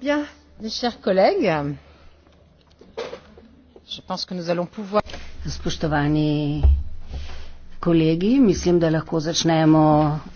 Bien, mes chers collègues, je pense que nous allons pouvoir. Spoštovani kolegi, mislim, da lahko začnemo.